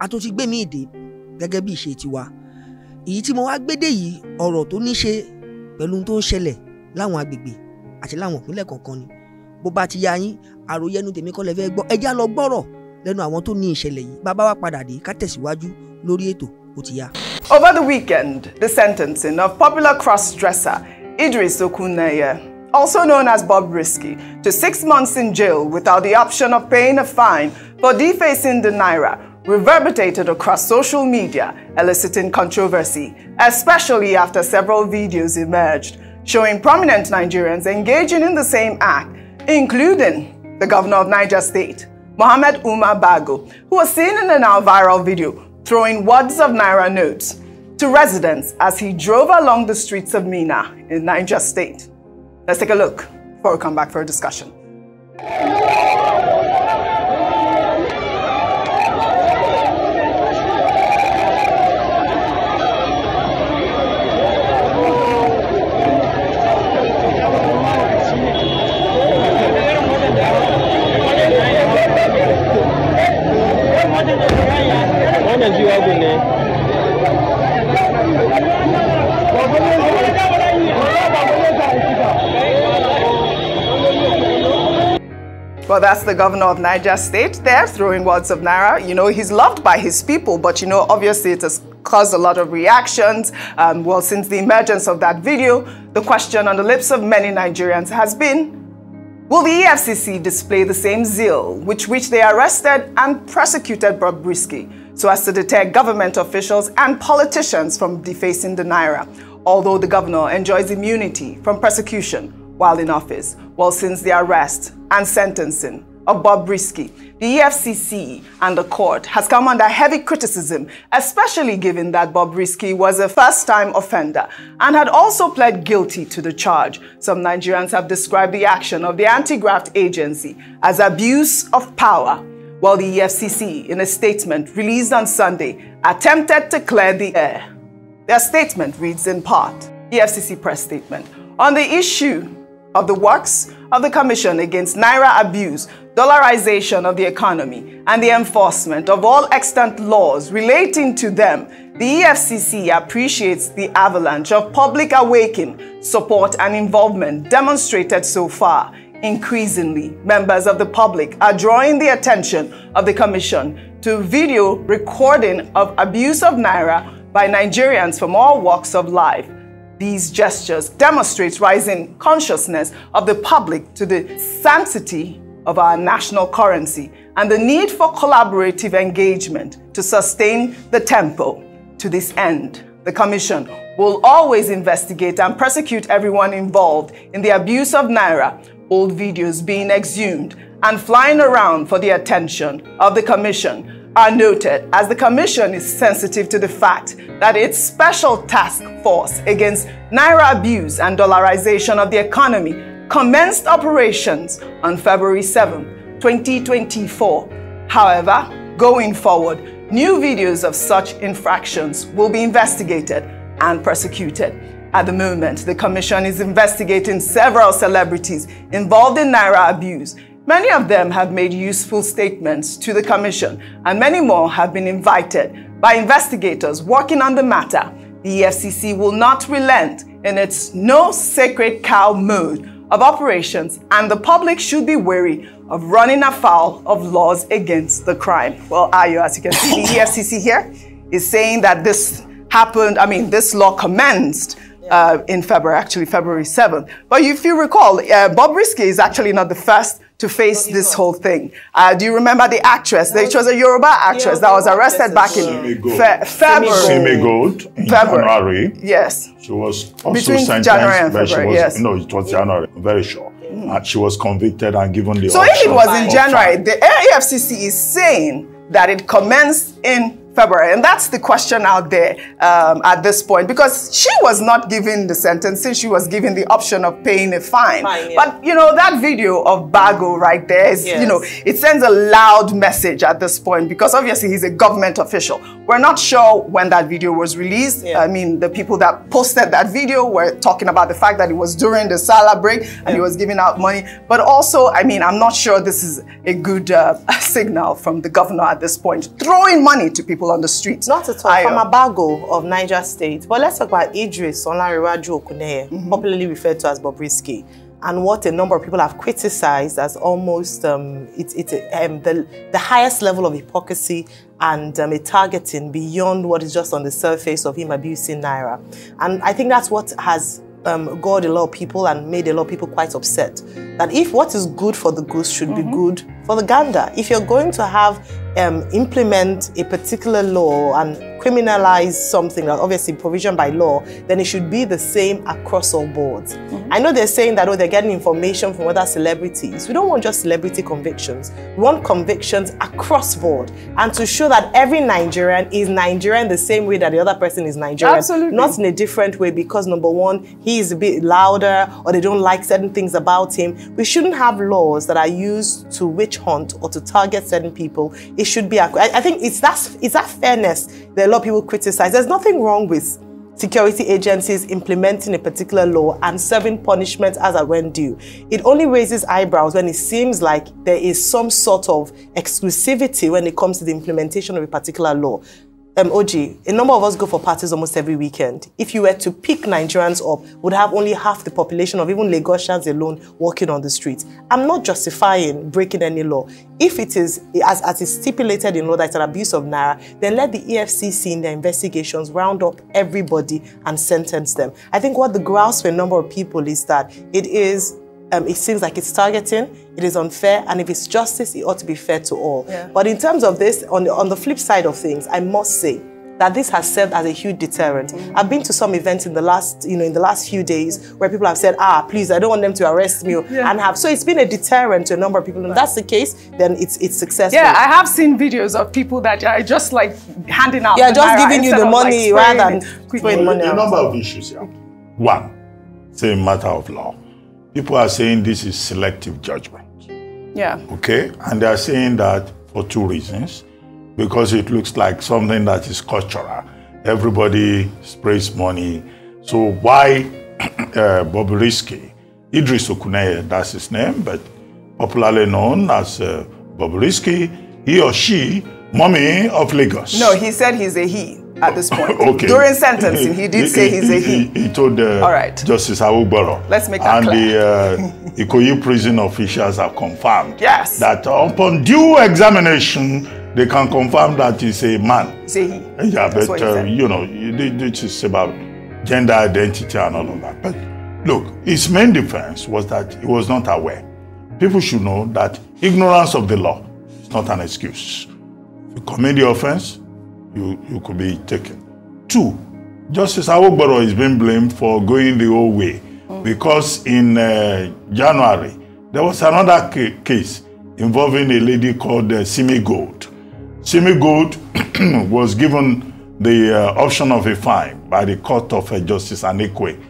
a gbé mi ìdè gẹ́gẹ́ bí ìṣe tiwa èyí tí mo wá gbédè yìí ọ̀rọ̀ tó ní ṣe pẹ̀lú tó ń ṣẹlẹ̀ láwọn agbègbè àti láwọn ìpínlẹ̀ kọ̀ọ̀kan ni bó bá ti ya yín àròyé ẹnu tèmi kọ́ lẹ fẹ́ gbọ́ ẹjá lọ gbọ́rọ̀ lẹ́nu àwọn tó ní ìṣẹ̀lẹ̀ yìí bàbá wa padà dé ká tẹ̀síwájú lórí ètò ó ti ya. Over the weekend, the sentencing of popular crossdresser Idris Okuneye, also known as Bob Risky, to six months in jail without the option of paying a fine for defacing the naira reverberated across social media, eliciting controversy, especially after several videos emerged showing prominent Nigerians engaging in the same act, including the governor of Niger State, Mohamed Umar Bago, who was seen in an now viral video throwing wads of naira notes to residents as he drove along the streets of Mina in Niger State. Let's take a look before we come back for a discussion. that's the governor of Niger State, there throwing words of Naira. You know, he's loved by his people, but you know, obviously it has caused a lot of reactions. Um, well, since the emergence of that video, the question on the lips of many Nigerians has been, Will the EFCC display the same zeal with which they arrested and prosecuted Bob Brisky so as to deter government officials and politicians from defacing the Naira, although the governor enjoys immunity from prosecution while in office, well, since the arrest and sentencing of Bob Risky, the EFCC and the court has come under heavy criticism, especially given that Bob Risky was a first-time offender and had also pled guilty to the charge. Some Nigerians have described the action of the anti-graft agency as abuse of power, while the EFCC, in a statement released on Sunday, attempted to clear the air. Their statement reads in part, EFCC press statement, on the issue of the works of the Commission against Naira abuse, dollarization of the economy, and the enforcement of all extant laws relating to them, the EFCC appreciates the avalanche of public awakening, support, and involvement demonstrated so far. Increasingly, members of the public are drawing the attention of the Commission to video recording of abuse of Naira by Nigerians from all walks of life these gestures demonstrates rising consciousness of the public to the sanctity of our national currency and the need for collaborative engagement to sustain the tempo. To this end, the Commission will always investigate and prosecute everyone involved in the abuse of Naira, old videos being exhumed and flying around for the attention of the Commission are noted as the Commission is sensitive to the fact that its special task force against naira abuse and dollarization of the economy commenced operations on February 7, 2024. However, going forward, new videos of such infractions will be investigated and prosecuted. At the moment, the Commission is investigating several celebrities involved in naira abuse Many of them have made useful statements to the Commission, and many more have been invited by investigators working on the matter. The EFCC will not relent in its no sacred cow mode of operations, and the public should be wary of running afoul of laws against the crime. Well, Ayo, as you can see, the EFCC here is saying that this happened, I mean, this law commenced uh, in February, actually February 7th. But if you recall, uh, Bob Risky is actually not the first to face this whole thing. Uh, do you remember the actress? It was a Yoruba actress that was arrested back in February. in February. Yes. She was also Between sentenced. January and February, was, yes. No, it was January, I'm very sure. Mm. And she was convicted and given the So if it was in January, the AFCC is saying that it commenced in February? And that's the question out there um, at this point because she was not given the sentencing, she was given the option of paying a fine. fine yeah. But you know, that video of Bago right there is, yes. you know, it sends a loud message at this point because obviously he's a government official. We're not sure when that video was released. Yeah. I mean, the people that posted that video were talking about the fact that it was during the Salah break and he was giving out money. But also, I mean, I'm not sure this is a good uh, signal from the governor at this point, throwing money to people people on the streets. Not at all. From bago of Niger State. But let's talk about Idris Olanrewaju Okuneye, mm -hmm. popularly referred to as Bobrisky. And what a number of people have criticized as almost um, it, it, um, the, the highest level of hypocrisy and um, a targeting beyond what is just on the surface of him abusing Naira. And I think that's what has um, got a lot of people and made a lot of people quite upset. That if what is good for the goose should mm -hmm. be mm-hmm. good for the gander. If you're going to have um, implement a particular law and criminalize something that obviously provision by law, then it should be the same across all boards. Mm -hmm. I know they're saying that, oh, they're getting information from other celebrities. We don't want just celebrity convictions. We want convictions across board and to show that every Nigerian is Nigerian the same way that the other person is Nigerian. Absolutely. Not in a different way because, number one, he is a bit louder or they don't like certain things about him. We shouldn't have laws that are used to witch hunt or to target certain people. It should be, I, I think it's that, it's that fairness. The lot of people criticize. There's nothing wrong with security agencies implementing a particular law and serving punishment as a when due. It only raises eyebrows when it seems like there is some sort of exclusivity when it comes to the implementation of a particular law um, OG, a number of us go for parties almost every weekend. If you were to pick Nigerians up, would have only half the population of even Lagosians alone walking on the streets. I'm not justifying breaking any law. If it is, as, as is stipulated in law, that it's an abuse of Naira, then let the EFCC in their investigations round up everybody and sentence them. I think what the grouse for a number of people is that it is um, it seems like it's targeting, it is unfair, and if it's justice, it ought to be fair to all. Yeah. But in terms of this, on the, on the flip side of things, I must say that this has served as a huge deterrent. Mm -hmm. I've been to some events in the last, you know, in the last few days where people have said, ah, please, I don't want them to arrest me yeah. and have. So it's been a deterrent to a number of people. And if that's the case, then it's it's successful. Yeah, I have seen videos of people that are just like handing out. Yeah, just giving you the money like, rather than quick well, money. A number of issues here. One, it's a matter of law. People are saying this is selective judgment. Yeah. Okay? And they are saying that for two reasons. Because it looks like something that is cultural. Everybody sprays money. So why uh, Idris Okuneye, that's his name, but popularly known as uh, he or she, mommy of Lagos. No, he said he's a he at this point. okay. During sentencing, he did say he's a he. He, he told uh, All right. Justice Awugboro. Let's make that And clear. the uh, Ikoyi prison officials have confirmed yes. that upon due examination, they can confirm that he's a man. Say he. Yeah, but uh, you know, this is about gender identity and all of that. But look, his main defense was that he was not aware. People should know that ignorance of the law is not an excuse. you commit the offense, you, you could be taken. Two, Justice Awogboro is being blamed for going the whole way because in uh, January there was another ca case involving a lady called uh, Simi Gold. Simi Gold was given the uh, option of a fine by the court of uh, Justice Anikwe,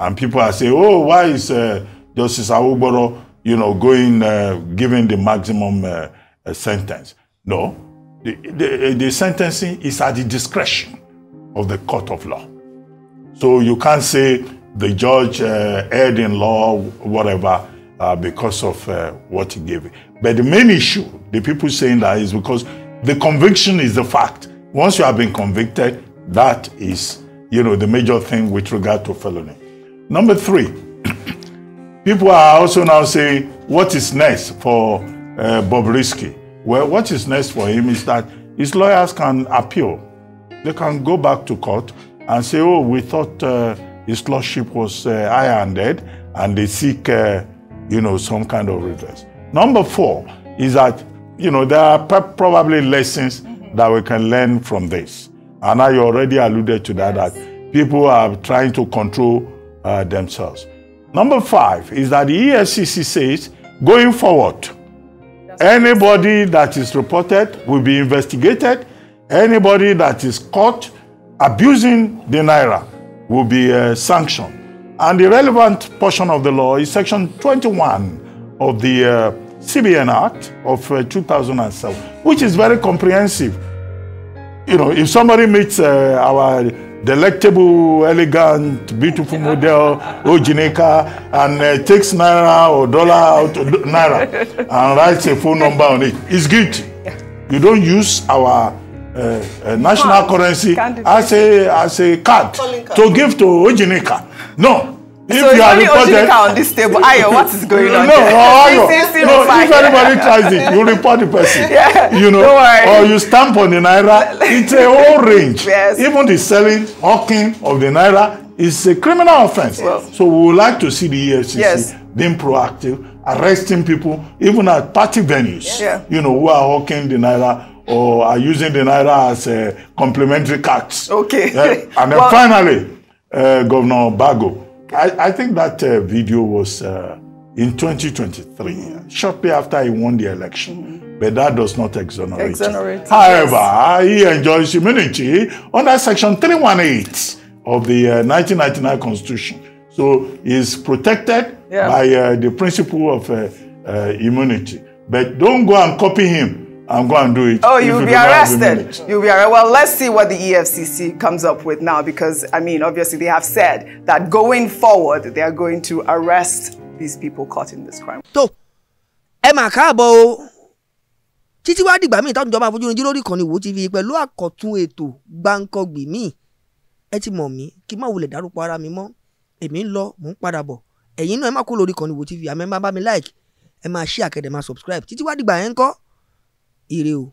And people are saying, oh, why is uh, Justice Awogboro, you know, going, uh, giving the maximum uh, uh, sentence? No, The, the, the sentencing is at the discretion of the court of law. So you can't say the judge uh, erred in law, whatever, uh, because of uh, what he gave. But the main issue, the people saying that is because the conviction is the fact. Once you have been convicted, that is, you know, the major thing with regard to felony. Number three, people are also now saying, what is next for uh, Bobrisky? Well, what is next for him is that his lawyers can appeal. They can go back to court and say, oh, we thought uh, his lordship was uh, high-handed, and they seek, uh, you know, some kind of redress. Number four is that, you know, there are probably lessons mm-hmm. that we can learn from this. And I already alluded to that, yes. that people are trying to control uh, themselves. Number five is that the ESCC says, going forward, Anybody that is reported will be investigated. Anybody that is caught abusing the naira will be uh, sanctioned. And the relevant portion of the law is Section 21 of the uh, CBN Act of uh, 2007, which is very comprehensive. You know, if somebody meets uh, our delectable, elegant, beautiful model, Ojineka, and uh, takes naira or dollar out naira and writes a phone number on it. It's guilty. You don't use our uh, uh, national currency as a as a card, card to give to Ojineka. No, if so you are reported on this table ayo what is going on no ayo no if anybody tries it you report the person yeah, you know or you stamp on the naira it's a whole range yes. even the selling hawking of the naira is a criminal offence. well, so we would like to see the efcc yes. being proactive arresting people even at party venues yeah. you know who are hawking the naira or are using the naira as a uh, complementary cards okay yeah? and then well, finally uh, governor bago I, I think that uh, video was uh, in 2023, shortly after he won the election. Mm-hmm. But that does not exonerate. exonerate. However, yes. he enjoys immunity under Section 318 of the uh, 1999 Constitution. So he's protected yeah. by uh, the principle of uh, uh, immunity. But don't go and copy him I'm going to do it. Oh, you'll be arrested. You'll be arrested. Well, let's see what the EFCC comes up with now because, I mean, obviously they have said that going forward, they are going to arrest these people caught in this crime. So, Emma máa káàbọ̀ o títí wá dìgbà míì táwọn ìjọba àfojúrin jíròrò ìkànnì wò ti fi pẹ̀lú àkọ́tún ètò gbáǹkọ́gbì míì ẹ ti mọ̀ mí kí n má wulẹ̀ dárúkọ ara mi mọ́ èmi ń lọ mò ń padà bọ̀ ẹ̀yin náà ẹ má kó lórí ìkànnì wò ti fi àmẹ́ bá bá mi like ẹ máa share àkẹ́dẹ̀ máa subscribe títí wá dìgbà yẹn ń kọ́. 一六。